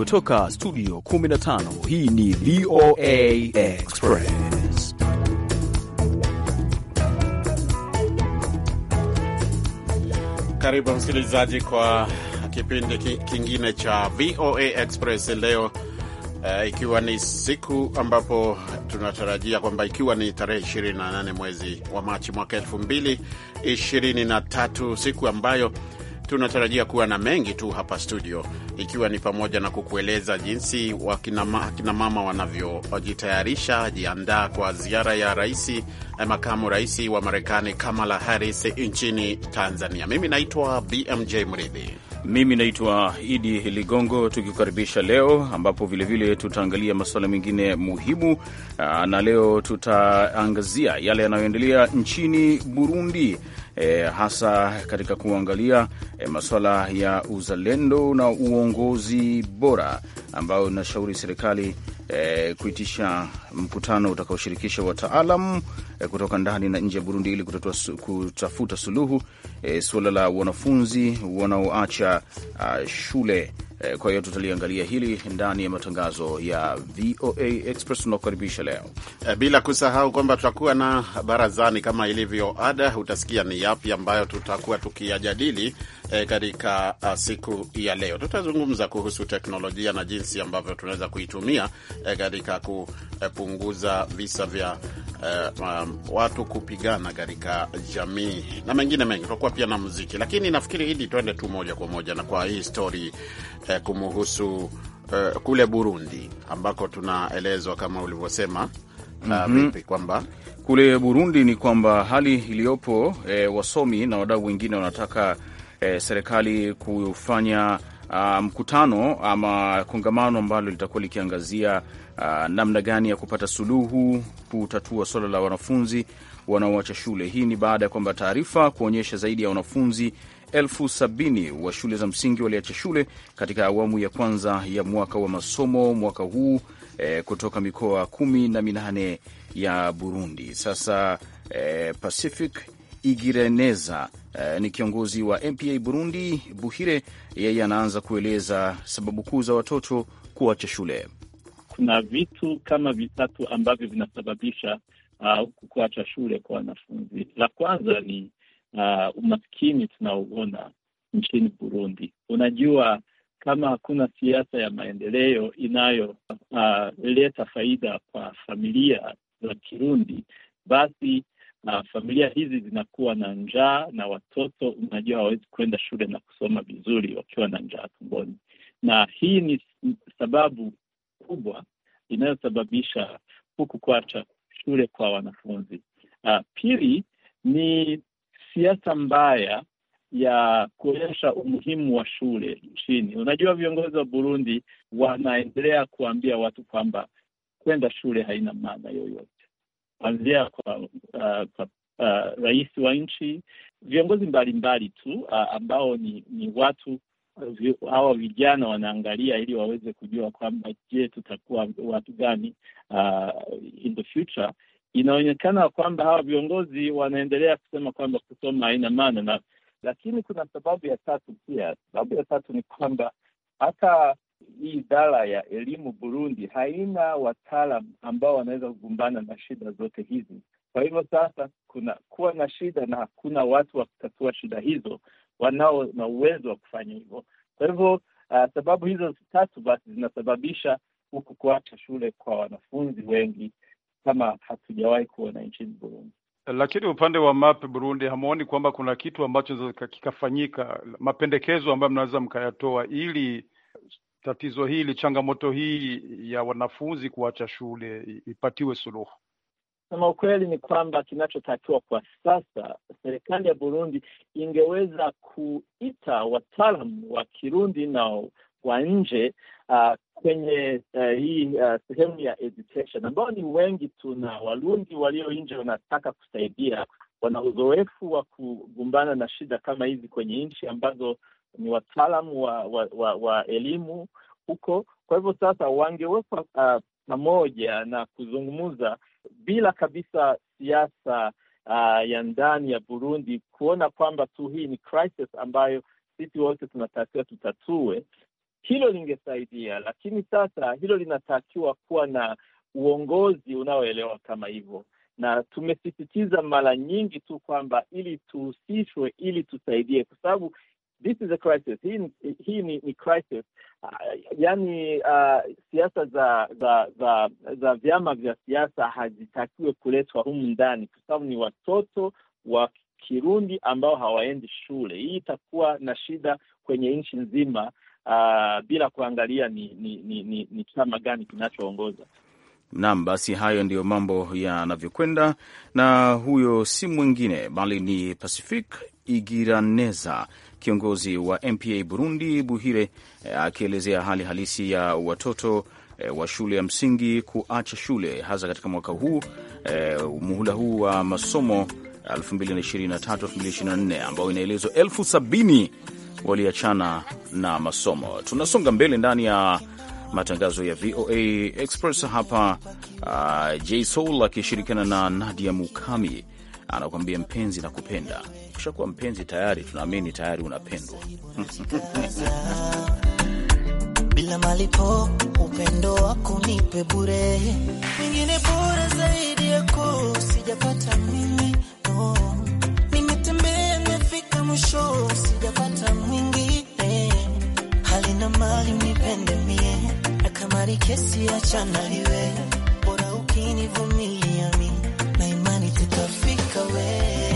kutoka studio 15 hii ni VOA Express. Karibu msikilizaji kwa kipindi kingine cha VOA Express leo Uh, ikiwa ni siku ambapo tunatarajia kwamba ikiwa ni tarehe 28 mwezi wa Machi mwaka 2023 siku ambayo tunatarajia kuwa na mengi tu hapa studio, ikiwa ni pamoja na kukueleza jinsi wakinamama wanavyojitayarisha jiandaa kwa ziara ya raisi, eh, makamu rais wa Marekani Kamala Harris nchini Tanzania. Mimi naitwa BMJ Mridhi. Mimi naitwa Idi Ligongo, tukikukaribisha leo ambapo vilevile tutaangalia masuala mengine muhimu ah, na leo tutaangazia yale yanayoendelea nchini Burundi e, hasa katika kuangalia e, masuala ya uzalendo na uongozi bora ambayo inashauri serikali e, kuitisha mkutano utakaoshirikisha wataalam Eh, kutoka ndani na nje ya Burundi ili kutafuta suluhu e, suala la wanafunzi wanaoacha ah, shule. E, kwa hiyo tutaliangalia hili ndani ya matangazo ya VOA Express unaokaribisha leo, bila kusahau kwamba tutakuwa na barazani kama ilivyo ada. Utasikia ni yapi ambayo tutakuwa tukiyajadili e, katika ah, siku ya leo. Tutazungumza kuhusu teknolojia na jinsi ambavyo tunaweza kuitumia e, katika kupunguza visa vya e, watu kupigana katika jamii na mengine mengi. Tutakuwa pia na muziki, lakini nafikiri hili tuende tu moja kwa moja na kwa hii stori eh, kumuhusu eh, kule Burundi ambako tunaelezwa kama ulivyosema mm -hmm. kwamba kule Burundi ni kwamba hali iliyopo eh, wasomi na wadau wengine wanataka eh, serikali kufanya ah, mkutano um, ama kongamano ambalo litakuwa likiangazia Ah, namna gani ya kupata suluhu kutatua swala la wanafunzi wanaoacha shule. Hii ni baada ya kwamba taarifa kuonyesha zaidi ya wanafunzi elfu sabini wa shule za msingi waliacha shule katika awamu ya kwanza ya mwaka wa masomo mwaka huu e, kutoka mikoa kumi na minane ya Burundi. Sasa e, Pacific Igireneza e, ni kiongozi wa MPA Burundi Buhire, yeye anaanza kueleza sababu kuu za watoto kuacha shule kuna vitu kama vitatu ambavyo vinasababisha uh, kuacha shule kwa wanafunzi. La kwanza ni uh, umaskini tunaoona nchini Burundi. Unajua, kama hakuna siasa ya maendeleo inayoleta uh, faida kwa familia za Kirundi, basi uh, familia hizi zinakuwa na njaa na watoto, unajua, hawawezi kwenda shule na kusoma vizuri wakiwa na njaa tumboni, na hii ni sababu kubwa inayosababisha huku kuacha shule kwa wanafunzi. Uh, pili ni siasa mbaya ya kuonyesha umuhimu wa shule nchini. Unajua, viongozi wa Burundi wanaendelea kuambia watu kwamba kwenda shule haina maana yoyote, kuanzia kwa, uh, kwa uh, rais wa nchi, viongozi mbalimbali tu uh, ambao ni, ni watu hawa vijana wanaangalia ili waweze kujua kwamba je, tutakuwa watu gani uh, in the future. Inaonekana kwamba hawa viongozi wanaendelea kusema kwamba kusoma haina maana na, lakini kuna sababu ya tatu pia. Sababu ya tatu ni kwamba hata hii idara ya elimu Burundi haina wataalam ambao wanaweza kugumbana na shida zote hizi. Kwa hivyo sasa kuna kuwa na shida na hakuna watu wa kutatua shida hizo, wanao na uwezo wa kufanya hivyo. Kwa hivyo uh, sababu hizo tatu basi zinasababisha huku kuacha shule kwa wanafunzi wengi kama hatujawahi kuona nchini Burundi. Lakini upande wa MAP Burundi, hamuoni kwamba kuna kitu ambacho kikafanyika, mapendekezo ambayo mnaweza mkayatoa ili tatizo hili, changamoto hii ya wanafunzi kuacha shule ipatiwe suluhu? Sema ukweli ni kwamba kinachotakiwa kwa sasa, serikali ya Burundi ingeweza kuita wataalamu wa Kirundi na wa nje uh, kwenye uh, hii uh, sehemu ya education ambao ni wengi tu, na Warundi walio nje wanataka kusaidia, wana uzoefu wa kugumbana na shida kama hizi kwenye nchi ambazo ni wataalamu wa, wa, wa, wa elimu huko. Kwa hivyo sasa wangewekwa ah, pamoja na kuzungumza bila kabisa siasa uh, ya ndani ya Burundi, kuona kwamba tu hii ni crisis ambayo sisi wote tunatakiwa tutatue, hilo lingesaidia. Lakini sasa hilo linatakiwa kuwa na uongozi unaoelewa kama hivyo, na tumesisitiza mara nyingi tu kwamba ili tuhusishwe, ili tusaidie, kwa sababu This is a crisis. Hii, hii ni, ni crisis. Uh, yani uh, siasa za za za za vyama vya siasa hazitakiwe kuletwa humu ndani, kwa sababu ni watoto wa Kirundi ambao hawaendi shule. Hii itakuwa na shida kwenye nchi nzima, uh, bila kuangalia ni ni, ni, ni, ni chama gani kinachoongoza. Naam, basi hayo ndiyo mambo yanavyokwenda, na huyo si mwingine bali ni Pacific Igiraneza kiongozi wa MPA Burundi Buhire eh, akielezea hali halisi ya watoto eh, wa shule ya msingi kuacha shule hasa katika mwaka huu eh, muhula huu wa masomo 2023-2024 inaelezwa elfu sabini waliachana na masomo. Tunasonga mbele ndani ya matangazo ya VOA Express hapa. Uh, ah, J Soul akishirikiana na Nadia Mukami anakuambia mpenzi na kupenda ukishakuwa mpenzi tayari, tunaamini tayari unapendwa bila malipo. Upendo wako nipe bure, mwingine bora zaidi yako sijapata mimi. No, nimetembea nimefika mwisho, sijapata mwingine, hali na mali nipende mie, na kamari kesi achana iwe, bora ukinivumilia mi na imani tutafika we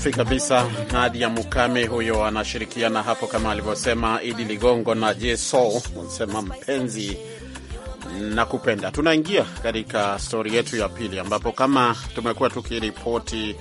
Safi kabisa. Nadia Mukame huyo anashirikiana hapo kama alivyosema Idi Ligongo na Jeso sema mpenzi na kupenda. Tunaingia katika stori yetu ya pili, ambapo kama tumekuwa tukiripoti,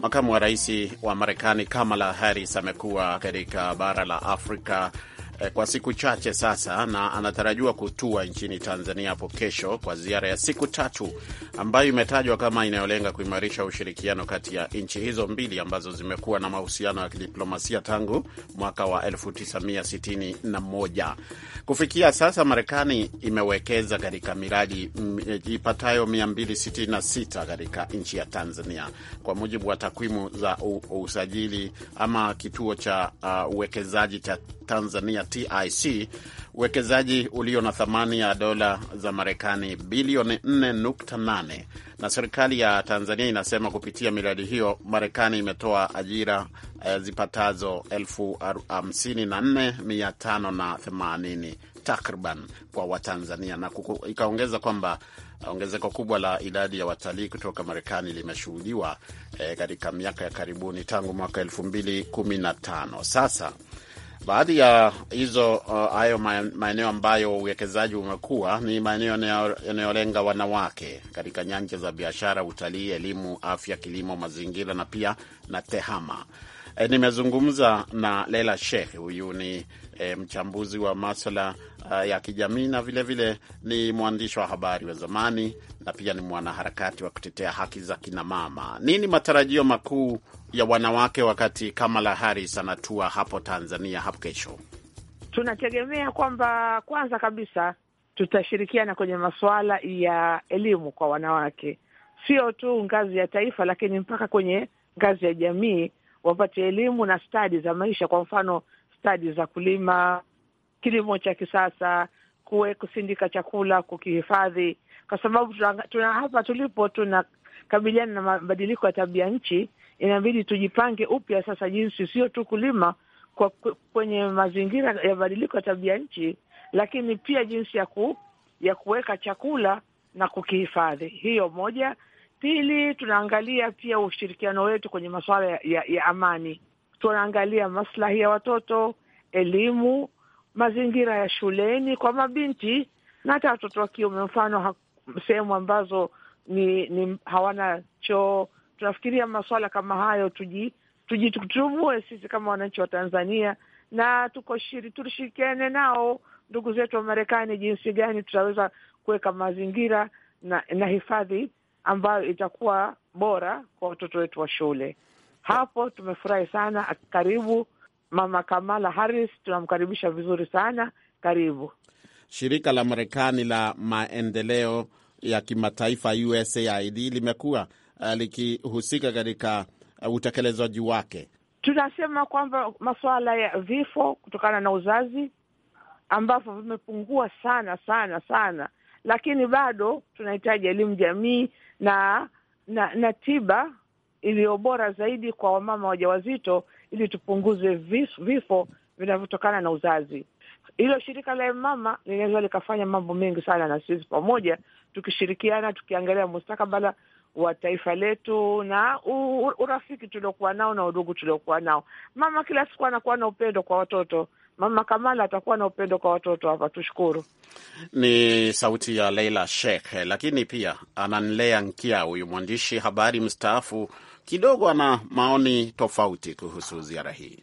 makamu wa rais wa Marekani Kamala Harris amekuwa katika bara la Afrika Eh, kwa siku chache sasa na anatarajiwa kutua nchini Tanzania hapo kesho kwa ziara ya siku tatu ambayo imetajwa kama inayolenga kuimarisha ushirikiano kati ya nchi hizo mbili ambazo zimekuwa na mahusiano ya kidiplomasia tangu mwaka wa 1961. Kufikia sasa, Marekani imewekeza katika miradi ipatayo 266 katika nchi ya Tanzania kwa mujibu wa takwimu za usajili ama kituo cha uh, uwekezaji cha Tanzania ya TIC, uwekezaji ulio na thamani ya dola za Marekani bilioni 4.8 na serikali ya Tanzania inasema kupitia miradi hiyo Marekani imetoa ajira eh, zipatazo 54,580 takriban kwa Watanzania na kuku, ikaongeza kwamba eh, ongezeko kubwa la idadi ya watalii kutoka Marekani limeshuhudiwa eh, katika miaka ya karibuni tangu mwaka 215 sasa Baadhi ya hizo uh, hayo uh, maeneo ambayo uwekezaji umekuwa ni maeneo yanayolenga wanawake katika nyanja za biashara, utalii, elimu, afya, kilimo, mazingira na pia na tehama. E, nimezungumza na Leila Sheikh. Huyu ni e, mchambuzi wa maswala uh, ya kijamii na vilevile vile ni mwandishi wa habari wa zamani na pia ni mwanaharakati wa kutetea haki za kinamama. Nini matarajio makuu ya wanawake wakati Kamala Harris anatua hapo Tanzania hapo kesho? Tunategemea kwamba kwanza kabisa tutashirikiana kwenye masuala ya elimu kwa wanawake, sio tu ngazi ya taifa, lakini mpaka kwenye ngazi ya jamii wapate elimu na stadi za maisha. Kwa mfano, stadi za kulima, kilimo cha kisasa, kuwe kusindika chakula, kukihifadhi, kwa sababu tuna, tuna hapa tulipo tunakabiliana na mabadiliko ya tabia nchi inabidi tujipange upya sasa, jinsi sio tu kulima kwa kwenye mazingira ya badiliko ya tabia nchi, lakini pia jinsi ya ku, ya kuweka chakula na kukihifadhi. Hiyo moja. Pili, tunaangalia pia ushirikiano wetu kwenye masuala ya, ya, ya amani. Tunaangalia maslahi ya watoto, elimu, mazingira ya shuleni kwa mabinti na hata watoto wa kiume, mfano sehemu ambazo ni, ni hawana choo tunafikiria masuala kama hayo, tujitutubue sisi kama wananchi wa Tanzania na tuko shiri, tushirikiane nao ndugu zetu wa Marekani jinsi gani tutaweza kuweka mazingira na, na hifadhi ambayo itakuwa bora kwa watoto wetu wa shule. Hapo tumefurahi sana. Karibu Mama Kamala Harris, tunamkaribisha vizuri sana. Karibu. Shirika la Marekani la maendeleo ya kimataifa USAID limekuwa Eh, likihusika katika eh, utekelezaji wake? Tunasema kwamba masuala ya vifo kutokana na uzazi ambavyo vimepungua sana sana sana, lakini bado tunahitaji elimu jamii na na, na tiba iliyo bora zaidi kwa wamama wajawazito ili tupunguze vifo vinavyotokana na uzazi. Hilo shirika la mama linaweza likafanya mambo mengi sana, na sisi pamoja tukishirikiana, tukiangalia mustakabala wa taifa letu na urafiki tuliokuwa nao na udugu tuliokuwa nao. Mama kila siku anakuwa na upendo kwa watoto. Mama Kamala atakuwa na upendo kwa watoto hapa. Tushukuru. Ni sauti ya Leila Sheikh, lakini pia ananlea nkia, huyu mwandishi habari mstaafu, kidogo ana maoni tofauti kuhusu ziara hii.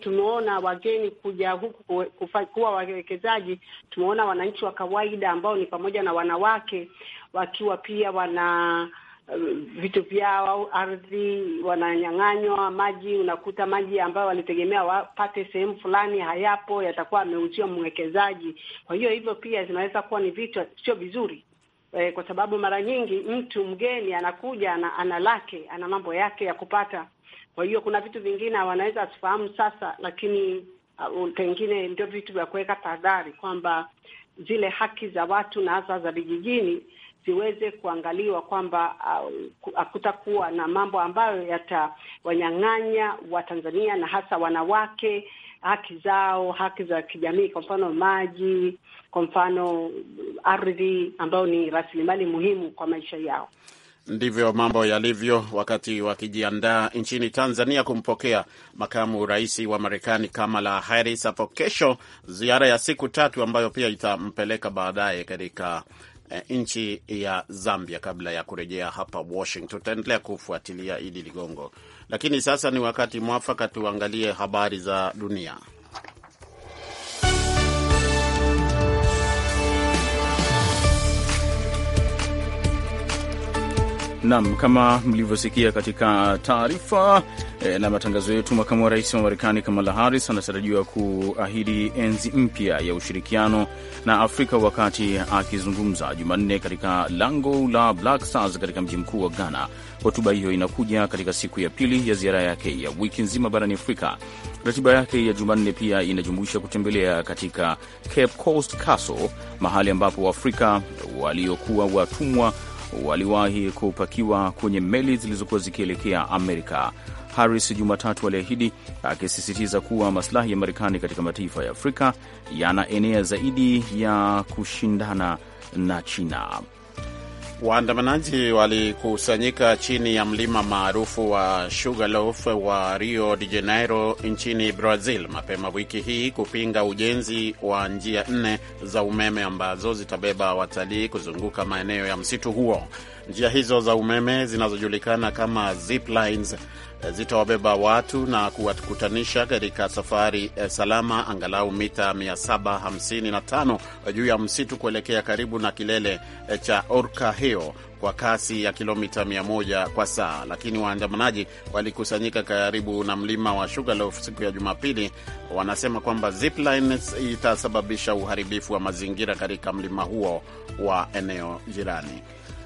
Tumeona wageni kuja huku kuwa wawekezaji, tumeona wananchi wa kawaida ambao ni pamoja na wanawake wakiwa pia wana Eh, vitu vyao au ardhi, wananyang'anywa maji. Unakuta maji ambayo walitegemea wapate sehemu fulani hayapo, yatakuwa ameuziwa mwekezaji. Kwa hiyo hivyo pia zinaweza kuwa ni vitu sio vizuri e, kwa sababu mara nyingi mtu mgeni anakuja ana, ana lake ana mambo yake ya kupata. Kwa hiyo kuna vitu vingine wanaweza asifahamu sasa, lakini uh, pengine uh, ndio vitu vya kuweka tahadhari kwamba zile haki za watu na hasa za vijijini ziweze kuangaliwa kwamba uh, hakutakuwa uh, na mambo ambayo yatawanyang'anya Watanzania na hasa wanawake haki zao, haki za kijamii, kwa mfano maji, kwa mfano ardhi, ambayo ni rasilimali muhimu kwa maisha yao. Ndivyo mambo yalivyo wakati wakijiandaa nchini Tanzania kumpokea makamu rais wa Marekani Kamala Harris hapo kesho, ziara ya siku tatu ambayo pia itampeleka baadaye katika Eh, nchi ya Zambia kabla ya kurejea hapa Washington. Tutaendelea kufuatilia Idi Ligongo, lakini sasa ni wakati mwafaka tuangalie habari za dunia. Nam, kama mlivyosikia katika taarifa e, na matangazo yetu, makamu wa rais wa Marekani Kamala Harris anatarajiwa kuahidi enzi mpya ya ushirikiano na Afrika wakati akizungumza Jumanne katika lango la Black Stars katika mji mkuu wa Ghana. Hotuba hiyo inakuja katika siku ya pili ya ziara yake ya wiki nzima barani Afrika. Ratiba yake ya Jumanne pia inajumuisha kutembelea katika Cape Coast Castle, mahali ambapo Waafrika waliokuwa watumwa waliwahi kupakiwa kwenye meli zilizokuwa zikielekea Amerika. Harris Jumatatu aliahidi akisisitiza kuwa masilahi ya Marekani katika mataifa ya Afrika yanaenea zaidi ya kushindana na China. Waandamanaji walikusanyika chini ya mlima maarufu wa Sugarloaf wa Rio de Janeiro nchini Brazil mapema wiki hii kupinga ujenzi wa njia nne za umeme ambazo zitabeba watalii kuzunguka maeneo ya msitu huo. Njia hizo za umeme zinazojulikana kama zip lines eh, zitawabeba watu na kuwakutanisha katika safari eh, salama angalau mita 755 eh, juu ya msitu kuelekea karibu na kilele cha orka hiyo kwa kasi ya kilomita 100 kwa saa. Lakini waandamanaji walikusanyika karibu na mlima wa Sugarloaf siku ya Jumapili, wanasema kwamba zipline itasababisha uharibifu wa mazingira katika mlima huo wa eneo jirani.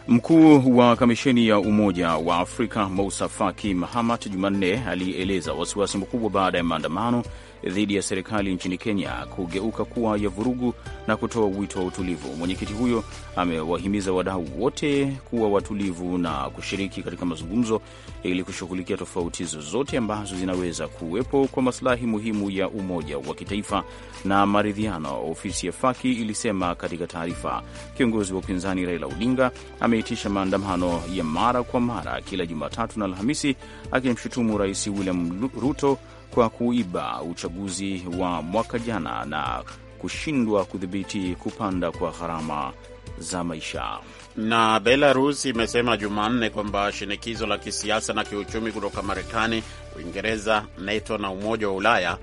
Mkuu wa kamisheni ya Umoja wa Afrika Mousa Faki Mahamat Jumanne alieleza wasiwasi mkubwa baada ya maandamano dhidi ya serikali nchini Kenya kugeuka kuwa ya vurugu na kutoa wito wa utulivu. Mwenyekiti huyo amewahimiza wadau wote kuwa watulivu na kushiriki katika mazungumzo ili kushughulikia tofauti zozote ambazo zinaweza kuwepo kwa masilahi muhimu ya umoja wa kitaifa na maridhiano, ofisi ya Faki ilisema katika taarifa. Kiongozi wa upinzani Raila Odinga ameitisha maandamano ya mara kwa mara kila Jumatatu na Alhamisi akimshutumu Rais William Ruto kwa kuiba uchaguzi wa mwaka jana na kushindwa kudhibiti kupanda kwa gharama za maisha. Na Belarus imesema Jumanne kwamba shinikizo la kisiasa na kiuchumi kutoka Marekani, Uingereza, NATO na Umoja wa Ulaya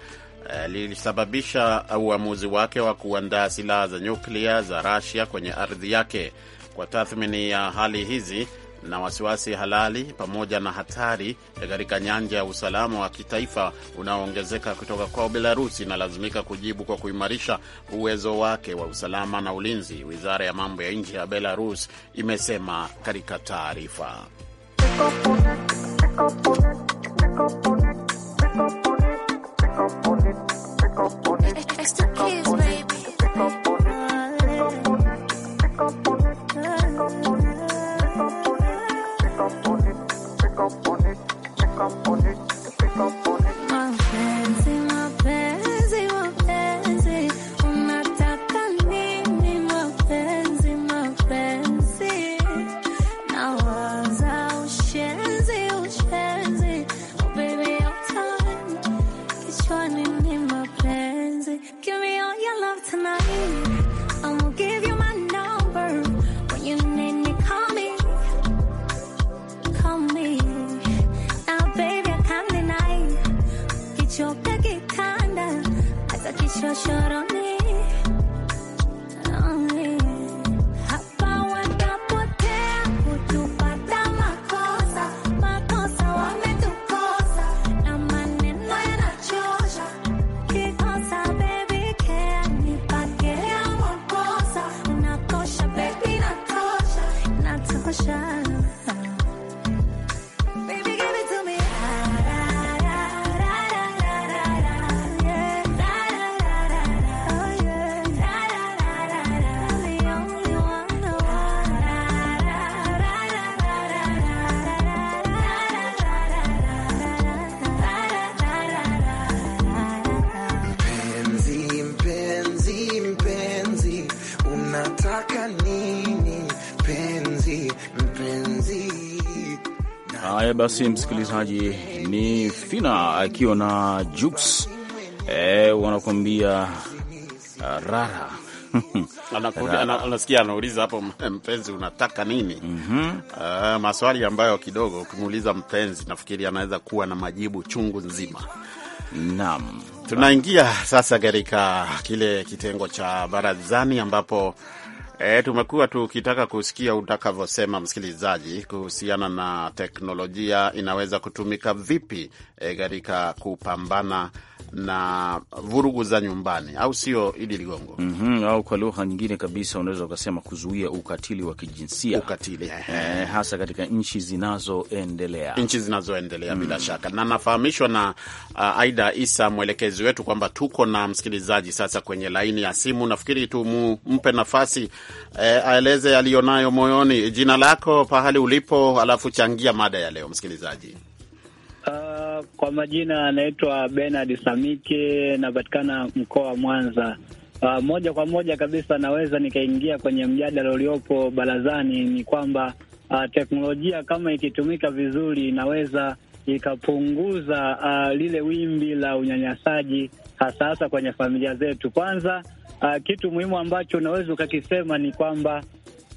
eh, lilisababisha uamuzi wake wa kuandaa silaha za nyuklia za rasia kwenye ardhi yake. Kwa tathmini ya hali hizi na wasiwasi halali pamoja na hatari katika nyanja ya usalama wa kitaifa unaoongezeka kutoka kwa Belarusi inalazimika kujibu kwa kuimarisha uwezo wake wa usalama na ulinzi, wizara ya mambo ya nje ya Belarus imesema katika taarifa. Basi msikilizaji, ni Fina akiwa na Jux e, wanakuambia uh, rara anasikia anauliza hapo, mpenzi unataka nini? mm -hmm. Uh, maswali ambayo kidogo ukimuuliza mpenzi nafikiri anaweza kuwa na majibu chungu nzima. Naam, tunaingia sasa katika kile kitengo cha barazani ambapo E, tumekuwa tukitaka kusikia utakavyosema msikilizaji, kuhusiana na teknolojia inaweza kutumika vipi eh, katika e, kupambana na vurugu za nyumbani, au sio, Idi Ligongo? mm -hmm, au kwa lugha nyingine kabisa unaweza ukasema kuzuia ukatili wa kijinsia ukatili, eh, hasa katika nchi zinazoendelea nchi zinazoendelea mm -hmm. Bila shaka na nafahamishwa na uh, Aida Isa mwelekezi wetu kwamba tuko na msikilizaji sasa kwenye laini ya simu. Nafikiri tumpe nafasi eh, aeleze aliyonayo moyoni. Jina lako, pahali ulipo, alafu changia mada ya leo msikilizaji kwa majina anaitwa Bernard Samike, napatikana mkoa wa Mwanza. Uh, moja kwa moja kabisa naweza nikaingia kwenye mjadala uliopo barazani, ni kwamba uh, teknolojia kama ikitumika vizuri inaweza ikapunguza uh, lile wimbi la unyanyasaji hasa hasa kwenye familia zetu. Kwanza uh, kitu muhimu ambacho unaweza ukakisema ni kwamba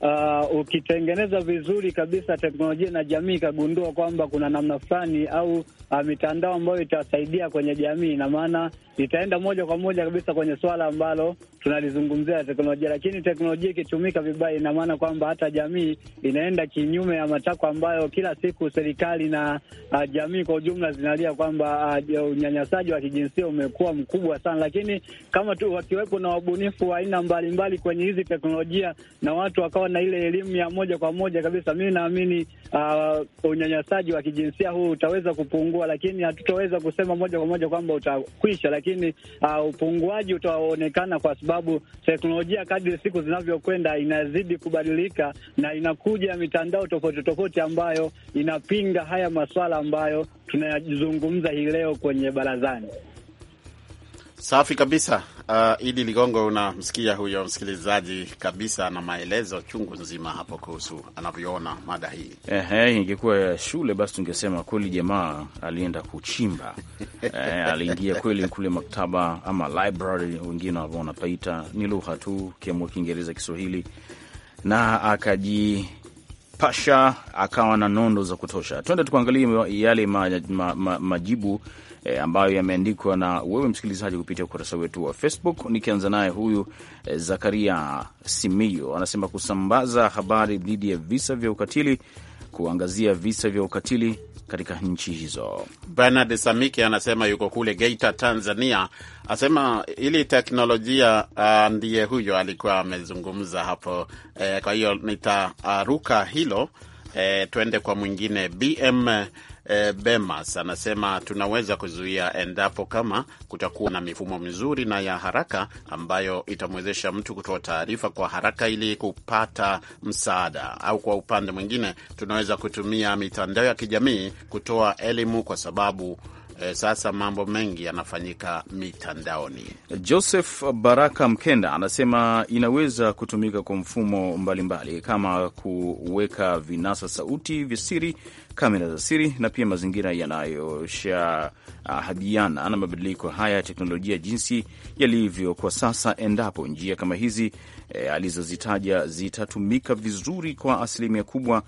uh, ukitengeneza vizuri kabisa teknolojia na jamii ikagundua kwamba kuna namna fulani au uh, mitandao ambayo itasaidia kwenye jamii, na maana itaenda moja kwa moja kabisa kwenye swala ambalo tunalizungumzia teknolojia, lakini teknolojia ikitumika vibaya, ina maana kwamba hata jamii inaenda kinyume ya matakwa ambayo kila siku serikali na uh, jamii kwa ujumla zinalia kwamba uh, unyanyasaji wa kijinsia umekuwa mkubwa sana. Lakini kama tu wakiwepo na wabunifu wa aina mbalimbali kwenye hizi teknolojia na watu wakawa na ile elimu ya moja kwa moja kabisa, mi naamini uh, unyanyasaji wa kijinsia huu utaweza kupungua, lakini hatutaweza kusema moja kwa moja kwamba utakwisha, lakini lakini uh, upunguaji utaonekana kwa sababu teknolojia kadri siku zinavyokwenda inazidi kubadilika na inakuja mitandao tofauti tofauti ambayo inapinga haya maswala ambayo tunayazungumza hii leo kwenye barazani. Safi kabisa. Uh, Idi Ligongo, unamsikia huyo msikilizaji kabisa, na maelezo chungu nzima hapo kuhusu anavyoona mada hii. Ehe, ingekuwa shule basi tungesema kweli jamaa alienda kuchimba. Eh, aliingia kweli kule maktaba ama library, wengine wanapaita ni lugha tu, kiamua Kiingereza, Kiswahili, na akajipasha, akawa na nondo za kutosha. Twende tukuangalie yale ma, ma, ma, majibu e, ambayo yameandikwa na wewe msikilizaji kupitia ukurasa wetu wa Facebook. Nikianza naye huyu e, Zakaria Simio anasema kusambaza habari dhidi ya visa vya ukatili, kuangazia visa vya ukatili katika nchi hizo. Bernard Samike anasema yuko kule Geita, Tanzania, asema ili teknolojia uh, ndiye huyo alikuwa amezungumza hapo eh, kwa hiyo nitaruka uh, hilo E, twende kwa mwingine BM e, eh, Bemas anasema tunaweza kuzuia endapo kama kutakuwa na mifumo mizuri na ya haraka ambayo itamwezesha mtu kutoa taarifa kwa haraka ili kupata msaada, au kwa upande mwingine tunaweza kutumia mitandao ya kijamii kutoa elimu kwa sababu eh, sasa mambo mengi yanafanyika mitandaoni. Joseph Baraka Mkenda anasema inaweza kutumika kwa mfumo mbalimbali kama kuweka vinasa sauti vya siri, kamera za siri na pia mazingira yanayoshahadiana na mabadiliko haya ya teknolojia jinsi yalivyo kwa sasa, endapo njia kama hizi eh, alizozitaja zitatumika vizuri kwa asilimia kubwa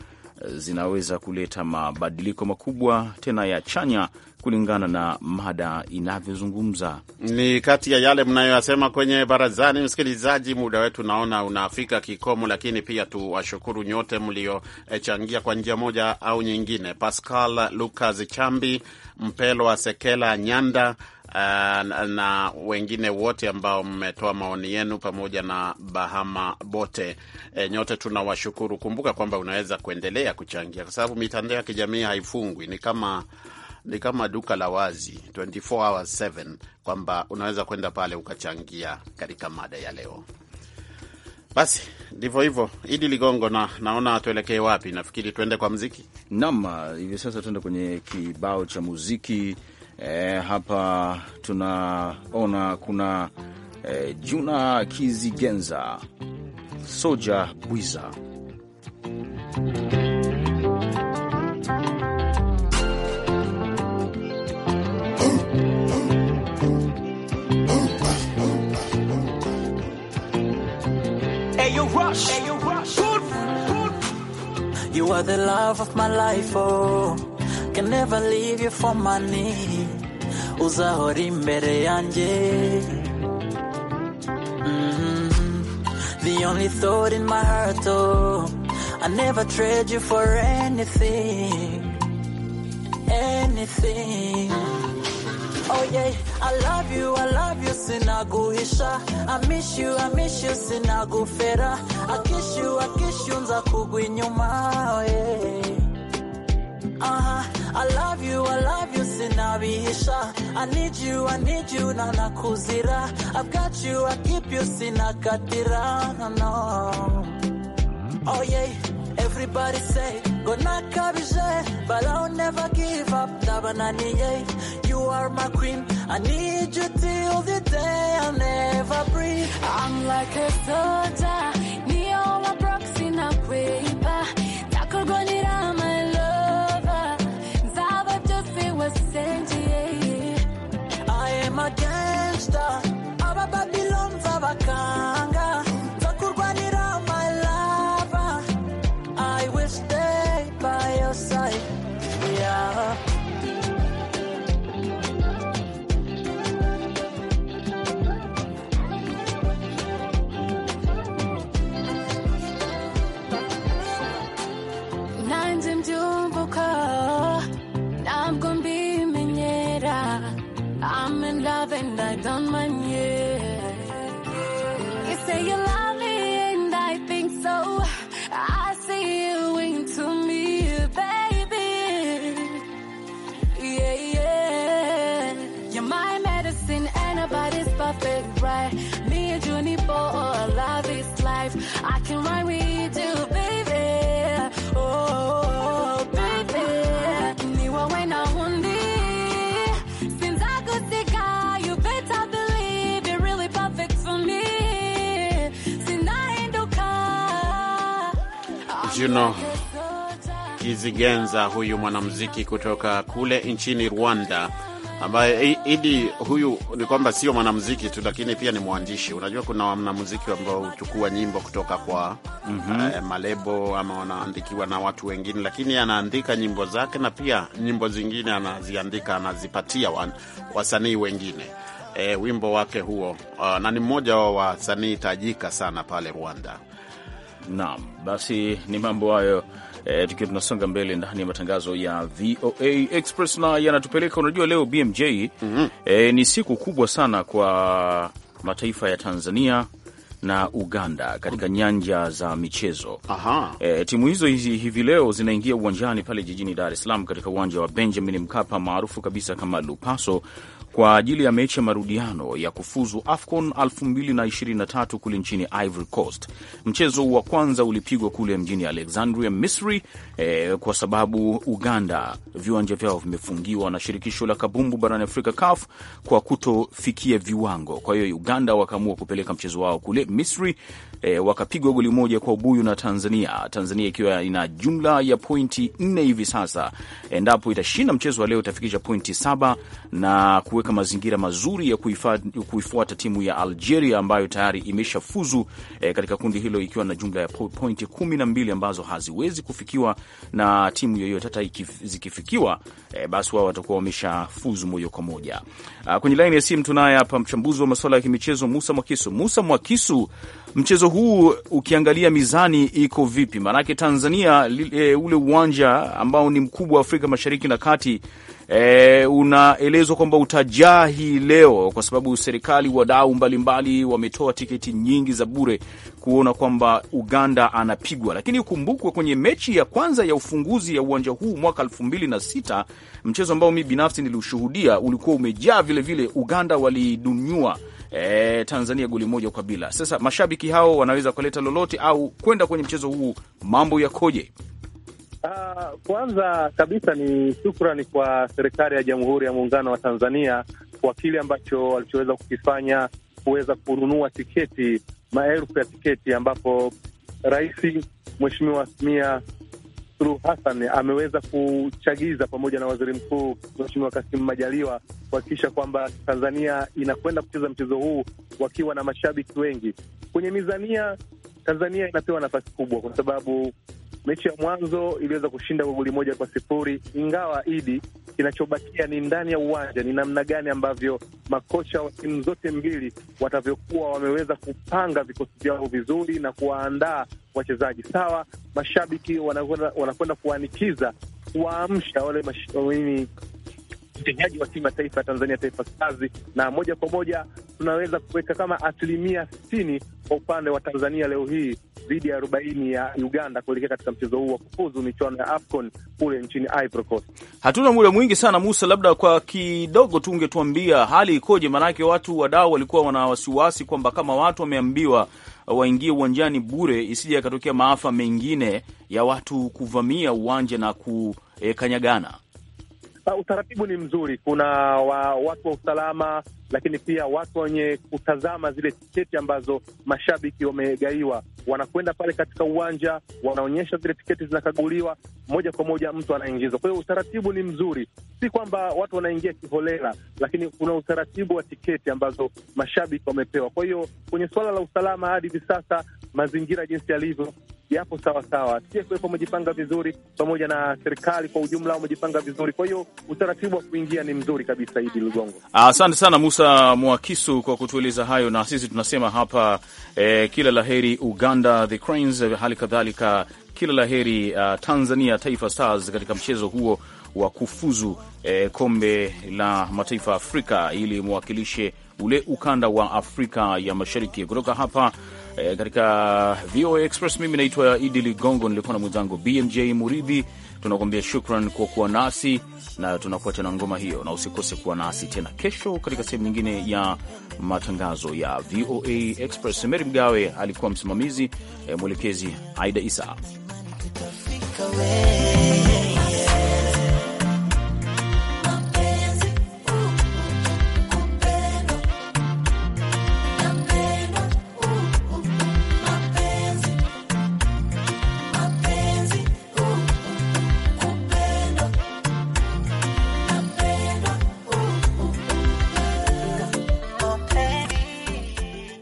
eh, zinaweza kuleta mabadiliko makubwa tena ya chanya kulingana na mada inavyozungumza. Ni kati ya yale mnayoyasema kwenye barazani. Msikilizaji, muda wetu naona unafika kikomo, lakini pia tuwashukuru nyote mliochangia kwa njia moja au nyingine: Pascal Lucas Chambi, Mpelwa Sekela Nyanda eh, na wengine wote ambao mmetoa maoni yenu pamoja na Bahama Bote. E, nyote tunawashukuru. Kumbuka kwamba unaweza kuendelea kuchangia kwa sababu mitandao ya kijamii haifungwi, ni kama ni kama duka la wazi 24 hours 7 kwamba unaweza kwenda pale ukachangia katika mada ya leo. Basi ndivyo hivyo, Idi Ligongo, na naona tuelekee wapi? Nafikiri tuende kwa mziki. Naam, hivi sasa tuende kwenye kibao cha muziki. E, hapa tunaona kuna e, Juna Kizigenza Soja Bwiza Ayo Rush. Ayo Rush. Good. You are the love of my life, oh. Can never leave you for money. Uzahora imbere yanjye. Mm-hmm. The only thought in my heart, oh, I never trade you for anything, anything. Oh yeah. I love you, I love you, sinaguhisha. I miss you, I miss you, sinagufera. I kiss you, I kiss you, nza kugwi nyuma, yeah. Uh-huh. I love you, I love you, sinabihisha. I need you, I need you, na nakuzira. I've got you, I keep you, sinakatira, no, no. Oh yeah, everybody say, gonna kabije, but I'll never give up, tabanani, You are my queen. I need you till the day I'll never breathe. I'm like a soldier. Juno oh, Kizigenza, huyu mwanamuziki kutoka kule nchini Rwanda ambaye idi huyu ni kwamba sio mwanamuziki tu, lakini pia ni mwandishi. Unajua, kuna wanamuziki ambao huchukua nyimbo kutoka kwa mm -hmm. uh, malebo ama wanaandikiwa na watu wengine, lakini anaandika nyimbo zake na pia nyimbo zingine anaziandika, anazipatia wasanii wengine e, wimbo wake huo uh, na ni mmoja wa wasanii tajika sana pale Rwanda. Naam, basi ni mambo hayo e, tukiwa tunasonga mbele ndani ya matangazo ya VOA Express na yanatupeleka. Unajua leo BMJ mm -hmm. e, eh, ni siku kubwa sana kwa mataifa ya Tanzania na Uganda katika nyanja za michezo. Aha. E, timu hizo hizi hivi leo zinaingia uwanjani pale jijini Dar es Salaam katika uwanja wa Benjamin Mkapa maarufu kabisa kama Lupaso kwa ajili ya mechi ya marudiano ya kufuzu AFCON 2023 kule nchini Ivory Coast. Mchezo wa kwanza ulipigwa kule mjini Alexandria, Misri, eh, kwa sababu Uganda viwanja vyao vimefungiwa na shirikisho la kabumbu barani Afrika, CAF, kwa kutofikia viwango. Kwa hiyo Uganda wakaamua kupeleka mchezo wao kule Misri e, wakapigwa goli moja kwa ubuyu na Tanzania, Tanzania ikiwa ina jumla ya pointi nne hivi sasa. Endapo itashinda mchezo wa leo itafikisha pointi saba na kuweka mazingira mazuri ya kuifuata timu ya Algeria ambayo tayari imeshafuzu e, katika kundi hilo ikiwa na jumla ya pointi kumi na mbili ambazo haziwezi kufikiwa na timu yoyote. Hata zikifikiwa e, basi wao watakuwa wameshafuzu moja kwa moja. Ah, kwenye laini ya simu tunaye hapa mchambuzi wa masuala ya kimichezo Musa Mwakisu. Musa Mwakisu, mchezo huu ukiangalia mizani iko vipi? Maanake Tanzania e, ule uwanja ambao ni mkubwa wa Afrika Mashariki na Kati e, unaelezwa kwamba utajaa hii leo, kwa sababu serikali, wadau mbalimbali wametoa tiketi nyingi za bure kuona kwamba Uganda anapigwa. Lakini ukumbukwe kwenye mechi ya kwanza ya ufunguzi ya uwanja huu mwaka elfu mbili na sita, mchezo ambao mi binafsi niliushuhudia ulikuwa umejaa vilevile, Uganda walidunyua e, Tanzania goli moja kwa bila. Sasa mashabiki hao wanaweza kuleta lolote au kwenda kwenye mchezo huu, mambo yakoje? Uh, kwanza kabisa ni shukrani kwa serikali ya Jamhuri ya Muungano wa Tanzania kwa kile ambacho walichoweza kukifanya kuweza kununua tiketi, maelfu ya tiketi ambapo Rais Mheshimiwa Samia Suluhu Hassan ameweza kuchagiza pamoja na waziri mkuu Mheshimiwa Kassim Majaliwa kuhakikisha kwamba Tanzania inakwenda kucheza mchezo huu wakiwa na mashabiki wengi. Kwenye mizania, Tanzania inapewa nafasi kubwa, kwa sababu Mechi ya mwanzo iliweza kushinda kwa goli moja kwa sifuri, ingawa idi kinachobakia ni ndani ya uwanja, ni namna gani ambavyo makocha wa timu zote mbili watavyokuwa wameweza kupanga vikosi vyao vizuri na kuwaandaa wachezaji sawa. Mashabiki wanakwenda kuwanikiza kuwaamsha wale mash, mchezaji wa timu ya taifa ya Tanzania, Taifa Stars, na moja kwa moja tunaweza kuweka kama asilimia sitini kwa upande wa Tanzania leo hii dhidi ya arobaini ya Uganda kuelekea katika mchezo huu wa kufuzu michuano ya AFCON kule nchini Ivory Coast. Hatuna muda mwingi sana Musa, labda kwa kidogo tu ungetuambia hali ikoje? Maanake watu wadau walikuwa wana wasiwasi kwamba kama watu wameambiwa waingie uwanjani bure, isije yakatokea maafa mengine ya watu kuvamia uwanja na kukanyagana. E, uh, utaratibu ni mzuri. Kuna wa, watu wa usalama lakini pia watu wenye kutazama zile tiketi ambazo mashabiki wamegaiwa, wanakwenda pale katika uwanja, wanaonyesha zile tiketi, zinakaguliwa moja kwa moja, mtu anaingizwa. Kwa hiyo utaratibu ni mzuri, si kwamba watu wanaingia kiholela, lakini kuna utaratibu wa tiketi ambazo mashabiki wamepewa. Kwa hiyo kwenye suala la usalama, hadi hivi sasa mazingira jinsi yalivyo yapo sawasawa. TFF wamejipanga vizuri pamoja na serikali kwa ujumla wamejipanga vizuri. Kwa hiyo utaratibu wa kuingia ni mzuri kabisa. Hili Lugongo, asante sana Musa. Musa Mwakisu kwa kutueleza hayo, na sisi tunasema hapa eh, kila laheri Uganda the Cranes, hali kadhalika kila laheri uh, ah, Tanzania Taifa Stars katika mchezo huo wa kufuzu eh, kombe la mataifa Afrika ili mwakilishe ule ukanda wa Afrika ya Mashariki. Kutoka hapa e, katika VOA Express. Mimi naitwa Idi Ligongo, nilikuwa na mwenzangu BMJ Muridhi. Tunakuambia shukran kwa kuwa nasi na tunakuacha na ngoma hiyo, na usikose kuwa nasi tena kesho katika sehemu nyingine ya matangazo ya VOA Express. Meri Mgawe alikuwa msimamizi, e, mwelekezi Aida Isa.